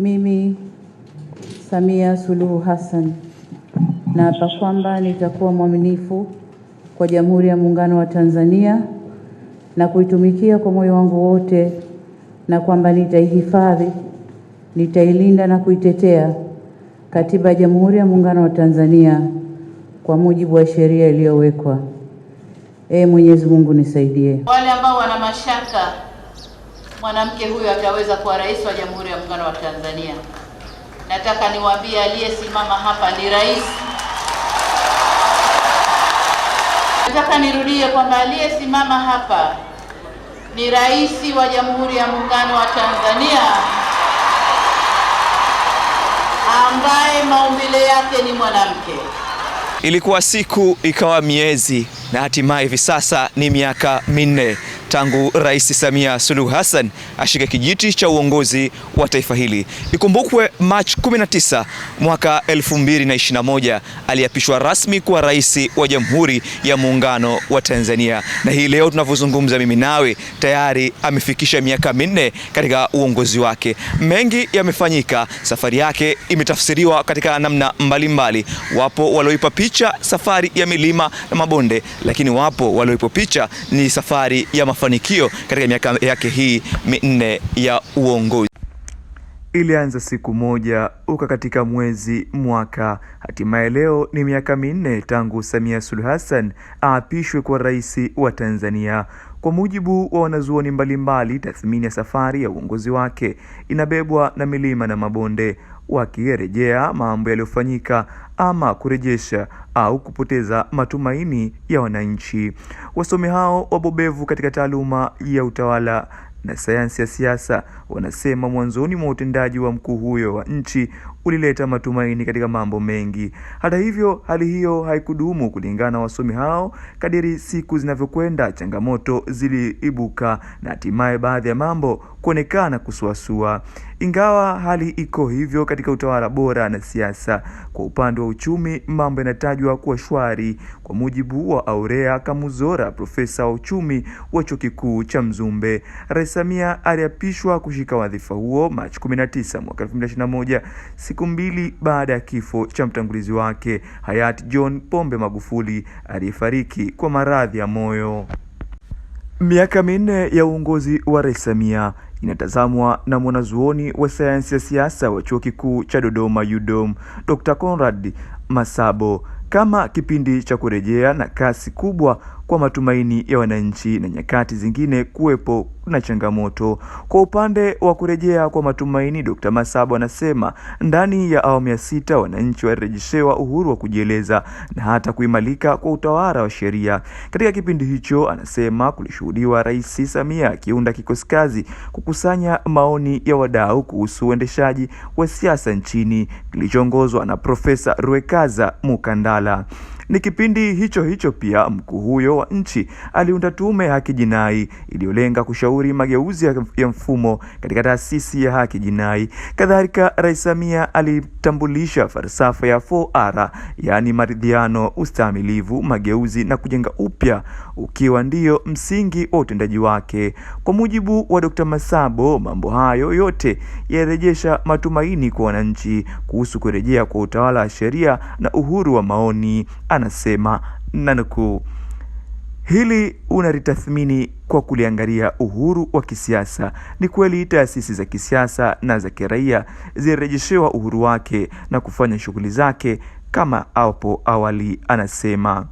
Mimi Samia Suluhu Hassan naapa kwamba nitakuwa mwaminifu kwa Jamhuri ya Muungano wa Tanzania na kuitumikia kwa moyo wangu wote, na kwamba nitaihifadhi, nitailinda na kuitetea Katiba ya Jamhuri ya Muungano wa Tanzania kwa mujibu wa sheria iliyowekwa. Ee Mwenyezi Mungu nisaidie. Wale ambao wana mashaka mwanamke huyo ataweza kuwa rais wa Jamhuri ya Muungano wa Tanzania. Nataka niwaambie aliyesimama hapa ni rais. Nataka nirudie kwamba aliyesimama hapa ni rais wa Jamhuri ya Muungano wa Tanzania ambaye maumbile yake ni mwanamke. Ilikuwa siku ikawa miezi na hatimaye hivi sasa ni miaka minne tangu Rais Samia Suluhu Hassan ashike kijiti cha uongozi wa taifa hili. Ikumbukwe Machi 19 mwaka 2021 aliapishwa rasmi kuwa rais wa Jamhuri ya Muungano wa Tanzania, na hii leo tunavyozungumza mimi nawe tayari amefikisha miaka minne katika uongozi wake. Mengi yamefanyika, safari yake imetafsiriwa katika namna mbalimbali mbali. Wapo walioipa picha safari ya milima na mabonde, lakini wapo walioipa picha ni safari ya mafanikio katika miaka yake hii minne ya uongozi. Ilianza siku moja uka katika mwezi mwaka. Hatimaye leo ni miaka minne tangu Samia Suluhu Hassan aapishwe kwa rais wa Tanzania. Kwa mujibu wa wanazuoni mbalimbali, tathmini ya safari ya uongozi wake inabebwa na milima na mabonde wakirejea mambo yaliyofanyika ama kurejesha au kupoteza matumaini ya wananchi. Wasomi hao wabobevu katika taaluma ya utawala na sayansi ya siasa wanasema mwanzoni mwa utendaji wa mkuu huyo wa nchi ulileta matumaini katika mambo mengi. Hata hivyo, hali hiyo haikudumu. Kulingana na wasomi hao, kadiri siku zinavyokwenda, changamoto ziliibuka na hatimaye baadhi ya mambo kuonekana kusuasua. Ingawa hali iko hivyo katika utawala bora na siasa, kwa upande wa uchumi mambo yanatajwa kuwa shwari. Kwa mujibu wa Aurea Kamuzora, profesa wa uchumi wa chuo kikuu cha Mzumbe, Rais Samia aliapishwa kushika wadhifa huo Machi 19 mwaka 2021 siku mbili baada ya kifo cha mtangulizi wake hayati John Pombe Magufuli aliyefariki kwa maradhi ya moyo. Miaka minne ya uongozi wa Rais Samia inatazamwa na mwanazuoni wa sayansi ya siasa wa Chuo Kikuu cha Dodoma UDOM, Dr. Conrad Masabo kama kipindi cha kurejea na kasi kubwa kwa matumaini ya wananchi na nyakati zingine kuwepo na changamoto. Kwa upande wa kurejea kwa matumaini, Dkt. Masabo anasema ndani ya awamu ya sita wananchi walirejeshewa uhuru wa kujieleza na hata kuimalika kwa utawala wa sheria. Katika kipindi hicho, anasema kulishuhudiwa Rais Samia akiunda kikosi kazi kukusanya maoni ya wadau kuhusu uendeshaji wa siasa nchini kilichoongozwa na Profesa Rwekaza Mukandala. Ni kipindi hicho hicho pia mkuu huyo wa nchi aliunda tume ya haki jinai iliyolenga kushauri mageuzi ya mfumo katika taasisi ya haki jinai. Kadhalika, Rais Samia alitambulisha falsafa ya 4R, yaani maridhiano, ustahimilivu, mageuzi na kujenga upya, ukiwa ndiyo msingi wa utendaji wake. Kwa mujibu wa Dr. Masabo, mambo hayo yote yarejesha matumaini kwa wananchi kuhusu kurejea kwa utawala wa sheria na uhuru wa maoni. Ana anasema nanukuu, hili unalitathmini kwa kuliangalia uhuru wa kisiasa. Ni kweli taasisi za kisiasa na za kiraia zirejeshewa uhuru wake na kufanya shughuli zake kama hapo awali, anasema.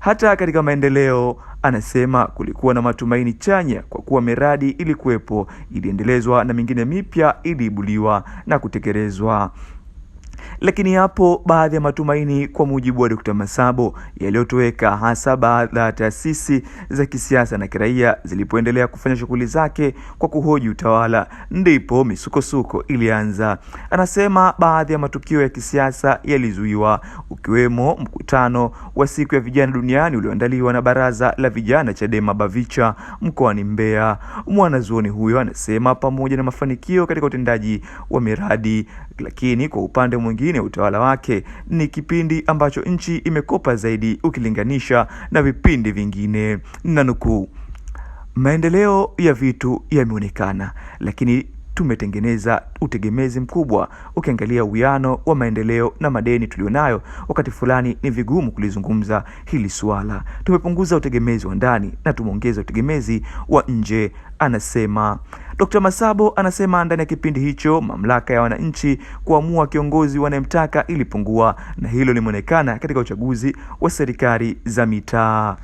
Hata katika maendeleo anasema kulikuwa na matumaini chanya kwa kuwa miradi ilikuwepo, iliendelezwa na mingine mipya iliibuliwa na kutekelezwa. Lakini yapo baadhi ya matumaini kwa mujibu wa Dkt. Masabo yaliyotoweka hasa baada ya taasisi za kisiasa na kiraia zilipoendelea kufanya shughuli zake kwa kuhoji utawala, ndipo misukosuko ilianza. Anasema baadhi ya matukio ya kisiasa yalizuiwa, ukiwemo mkutano wa siku ya vijana duniani ulioandaliwa na Baraza la Vijana Chadema Bavicha mkoani Mbeya. Mwanazuoni huyo anasema pamoja na mafanikio katika utendaji wa miradi, lakini kwa upande mwingine chini ya utawala wake ni kipindi ambacho nchi imekopa zaidi ukilinganisha na vipindi vingine, na nukuu, maendeleo ya vitu yameonekana, lakini tumetengeneza utegemezi mkubwa. Ukiangalia uwiano wa maendeleo na madeni tulionayo, wakati fulani ni vigumu kulizungumza hili suala. Tumepunguza utegemezi wa ndani na tumeongeza utegemezi wa nje, anasema Dr. Masabo. Anasema ndani ya kipindi hicho mamlaka ya wananchi kuamua kiongozi wanayemtaka ilipungua, na hilo limeonekana katika uchaguzi wa serikali za mitaa.